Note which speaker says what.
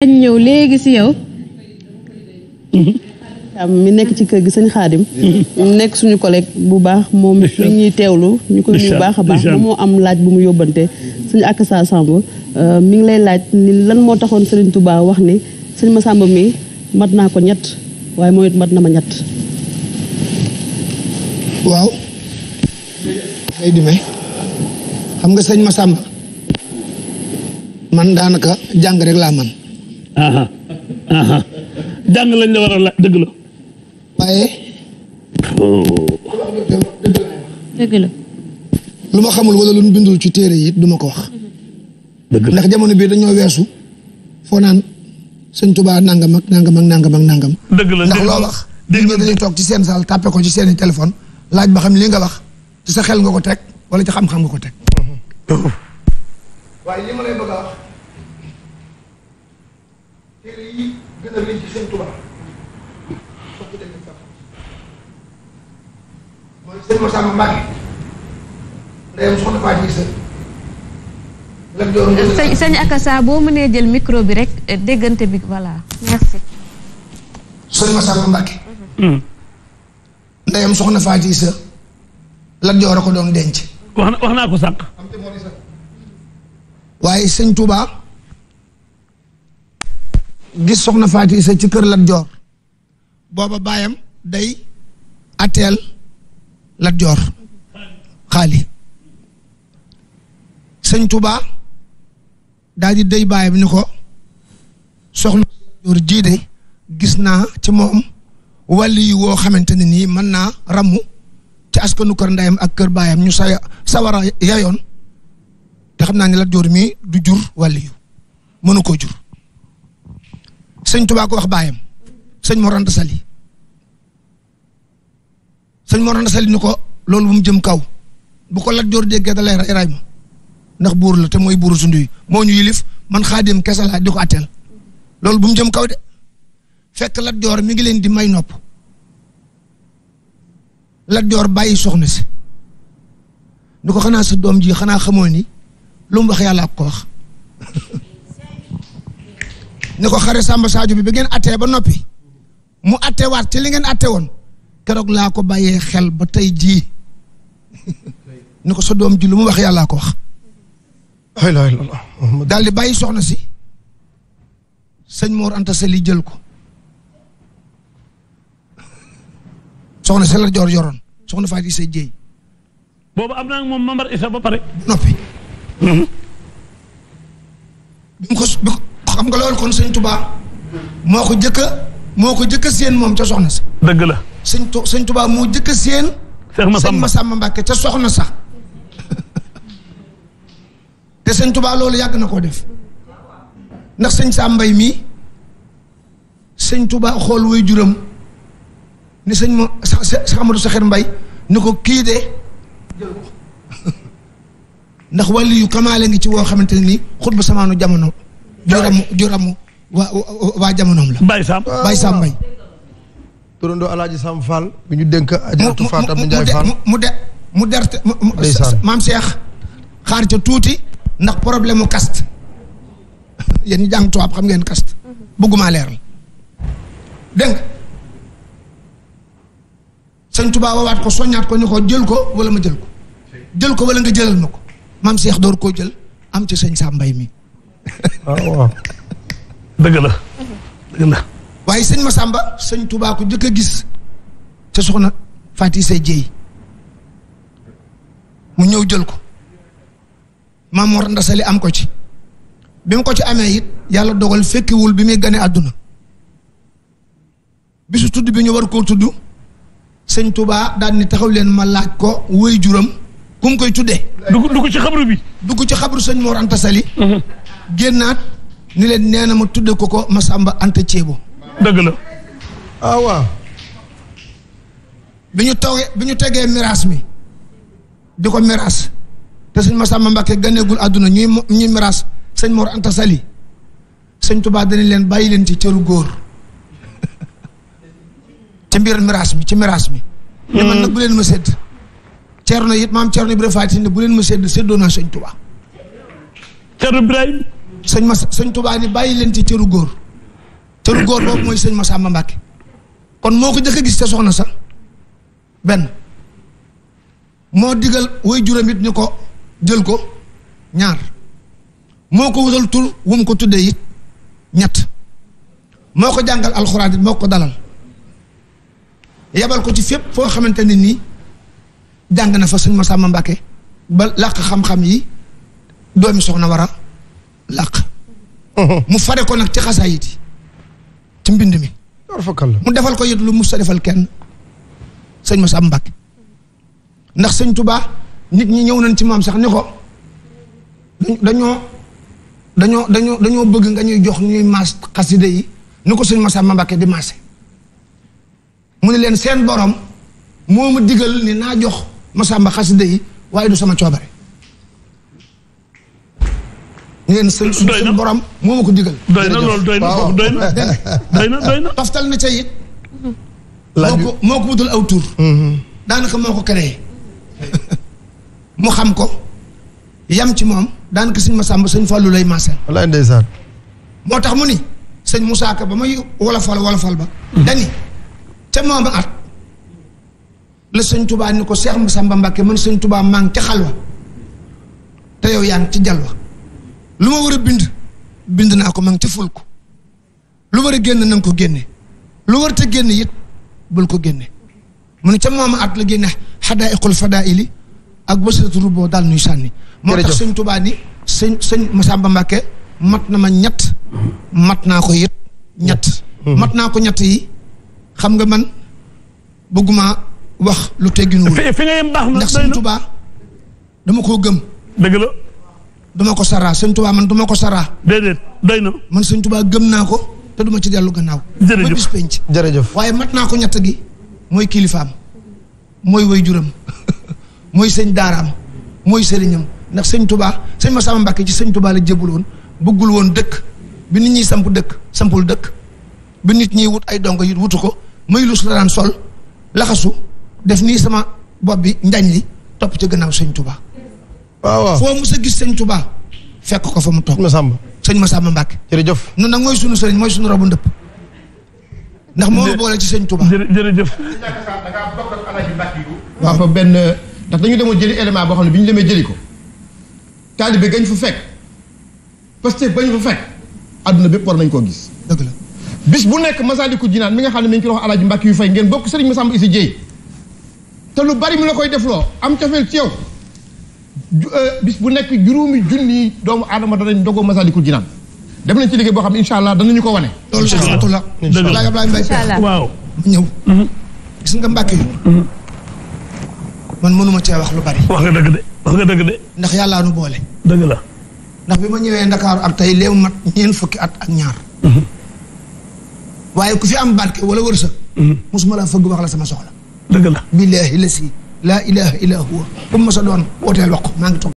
Speaker 1: dañ ñëw léegi si yow am mi nekk ci kër gi sëñ Xaadim mm-hmm. nekk suñu collègue bu baax moom mi ñuy teewlu ñu koy bu baax a baax moo am laaj bu mu yóbbante suñu ak sa mi ngi lay laaj ni lan moo taxoon Serigne Touba wax ni sëñ Massamba mi mat naa ko ñett waaye mooy mat na ma ñett waaw lay dimee xam nga sëñ Massamba man daanaka jàng rek laa man aha aha jàng lañ la war a la dëgg la waaye lu ma xamul wala lu ñu bindul ci téere yi duma ko wax ndax jamono bii dañoo weesu foo naan sëñ Tuubaa nangam ak nangam ak nangam ak nangam dëgg la ndax loo wax nit ñi dañuy toog ci seen saal tàppe ko ci seeni téléphone laaj ba xam li nga wax ci sa xel nga ko teg wala ci xam-xam nga ko teg téere yi gën boo mënee jël micro bi rek eh, déggante bi voilà merci. sëñ Masamba Mbacke. Hmm. ndeyam soxna Fatou Ndiaye Seye a ko doon denc. wax wax naa ko sànq. waaye sëñ Touba. gis soxna Faati Isa ci kër Lat Joor booba baayam day ateel Lat Joor xaali sëñ tubaa daal di day baayam ni ko soxna Lat Joor jii gis naa ci moom wàlli woo xamante ne nii mën naa ramu ci askanu kër ndayam ak kër baayam ñu sa sawara yayoon te xam naa ne Lat Joor mii du jur wàlli yu koo jur sëñ Tuubaa wax baayam sëñ Mor Anta Sali sëñ Mor Anta Sali ko loolu bu mu jëm kaw bu ko Lat Joor déggee da lay ndax buur la te mooy buuru sunduy moo ñu yilif man xaadim kese laa di ko loolu bu mu jëm kaw de fekk Lat Joor mi ngi leen di may nopp Lat Joor bàyyi soxna si ni ko xanaa sa doom ji xanaa xamoo ni lu mu wax yàlla ak wax ni ko xare Samba Sadio bi ba ngeen ate ba noppi mu attewaat ci li ngeen atte woon keroog laa ko bàyyee xel ba tey jii ni ko sa doom ji lu mu wax laa ko wax daal di bàyyi soxna si sëñ Mor Anta Sali jël ko soxna si la joor yoroon soxna Fatou sa Dieye boobu am na moom Mamar Issa ba pare noppi nga loolu kon sañ tubaa moo ko jëkk a moo ko jëkk a séen moom ca soxna sa. dëgg la sëñ tu sëñ Touba moo jëkk a séen. ma Masamba Mbàkke ca soxna sa. te sëñ Touba loolu yàgg na koo def ndax sëñ mbay mii sëñ tubaa xool way juram ni sëñ ma sa Amadou Saxir Mbay ni ko kii de ndax wàllu yu kamaale ngi ci woo xamante ne nii xutba samaanu jamono. juramu juramu waa waa jamonoom la. Baye Sam Baye ñu dénk Ajaratu Fatam mu de mu der maam Cheikh xaar ca tuuti ndax problème mu caste yéen ñu jàng tubaab xam ngeen caste bëgguma leeral dégg nga sëñ Tuubaa wawaat ko soññaat ko ni ko jël ko wala ma jël ko jël ko wala nga jëlal ma ko maam Cheikh door koo jël am ci sëñ Sam mbay mi waaw waaw dëgg la dëgg la waaye sëñ Masamba sëñ tubaa ko jëkk a gis ca na Faati Say Jéy mu ñëw jël ko Maam Mor Anta am ko ci bi mu ko ci amee it yàlla dogal fekkiwul bi muy gane àdduna bisu tudd bi ñu war koo tudd sëñ Touba daal ni taxaw leen ma laaj ko wéy juram ku mu koy tuddee dugg ci xabru bi dugg ci xabru sëñ Mor Anta génnaat ni leen nee na ma tudde ko ko ma Masamba Anta Ceebo dëgg la ah waaw bi ñu toogee bi ñu tegee miraas mi di ko miraas te sëñ Masamba Mbàkke àdduna ñuy ñuy sëñ Mor Anta Sali sëñ Tubaa dana leen bàyyi leen ci cëru góor ci mbir miraas mi ci miraas mi ne man nag bu leen ma sedd Ceerno it maam Ceerno Ibrahima Faati ne bu leen ma sedd séddoo naa sëñ Tubaa Ceerno Ibrahima sëñ ma sëñ Tuubaa ni bàyyi leen ci cëru góor cëru góor boobu mooy sëñ Masamba Mbàkke kon moo ko jëkk a gis te soxna sax benn moo digal woy juróom it ni ko jël ko ñaar moo ko wutal tur wu ko tuddee it ñett moo ko jàngal alxuraan it moo ko dalal yabal ko ci fépp foo xamante ne nii jàng na fa sëñ Masamba Mbàkke ba làq xam-xam yi doomi soxna war làq mu fare ko nag ci xasaayit yi ci mbind mi mu defal ko yit lu mu sa defal kenn sëñ Masamba Mbàkke ndax sëñ tubaa nit ñi ñëw nañ ci moom sax ni ko dañoo dañoo dañoo dañoo bëgg nga ñuy jox ñuy maas xasida yi ni ko sëñ Masamba Mbàkke di maase mu ne leen seen borom moo ma digal ni naa jox Masamba xasida yi waaye du sama coobare yéen seen suñu borom moo ma ko digal. doy na loolu doy na boobu na doy na na. toftal na ca it. moo ko moo ko wutal aw tur. Mhm. daanaka moo ko créé. mu xam ko yam ci moom daanaka sëñ Massamba sëñ Fallou lay maasal. walaay ndeysaan. moo tax mu ni sëñ musaaka ba may wolofal wolofal ba. Mhm. dani ca moom at. la sëñ Touba ni ko Cheikh Massamba Mbacke man sëñ Touba maa ngi ca xalwa te yow yaa ngi ci jalwa lu ma war a bind bind naa ko ma ngi ca ful ko lu war a génn na ko génne lu war te génn it bul ko génne mu ne ca moom at la génne xadaa'iqul fadaa'ili ak wasiratu ruboo daal nuy sànni moo tax sëñ tubaa ni sëñ sëñ Masamba Mbàkke mat na ma ñett mat naa ko it ñett mm-hmm. mat naa ko ñett yi xam nga man bëgguma wax lu tegginuwul ndax sëñ Tuubaa dama koo gëm duma ko saraa sëñ tubaa man duma ko saraa. déedéet doy na. man sëñ Tuubaa gëm naa ko te duma ci dellu gannaaw. jërëjëf ba bis penc. jërëjëf waaye mat naa ko ñett gi. mooy kilifaam mooy woy waajuram mooy sëñ daaraam mooy sëriñam ndax sëñ Tuubaa sëñ sama Mbàkke ci sëñ Tuubaa la jébul bëggul woon dëkk bi nit ñi samp dëkk sampul dëkk bi nit ñi wut ay dongo yi wutu ko may lus sol laxasu def nii sama bopp bi njañ li topp ci gannaaw sëñ Tuubaa waaw foo mos a gis sëñ Touba fekk ko fa mu toog. Masamba sëñ ma Masamba Mbacke. jërëjëf ñun nag mooy sunu sëriñ mooy sunu rabu ndëpp. ndax moo boole ci sëñ Touba. jërëjëf. waaw fa benn ndax dañu demoo jëli élément boo xam ne bi ñu demee jëli ko. taalibe gañ fu fekk. Pastef bañ fu fekk. àdduna bépp war nañ koo gis. dëgg la bis bu nekk Masaalikul Jinaan mi nga xam ne mi ngi ci loxo Alaaji Mbacke yu fay ngeen bokk sëriñ Masamba Issa Dieye te lu bari mi la koy defloo am cofeel ci yow Euh, bis bu nekk juróomi junni doomu aadama danañ dogoo Masaalikul Jinaan dem nañ ci liggéey boo xam ne incha allah danañu ko wane. loolu sëñ Fatula. incha allah laaga Ibrahima Mbaye waaw mm-hmm. yi. Mm-hmm. man mënuma cee wax lu bari. wax nga dëgg de dëgg ndax yàllaa nu boole. dëgg la. ndax bi ma ñëwee Ndakaaru ak tey léemu ma ñeent fukki at ak ñaar. Mm-hmm. waaye ku fi am barke wala wërsëg. mosuma la fëgg wax la sama soxla. dëgg la laa ilaha illa huwa bu mu mos a doon wooteel wax ko maa ngi toog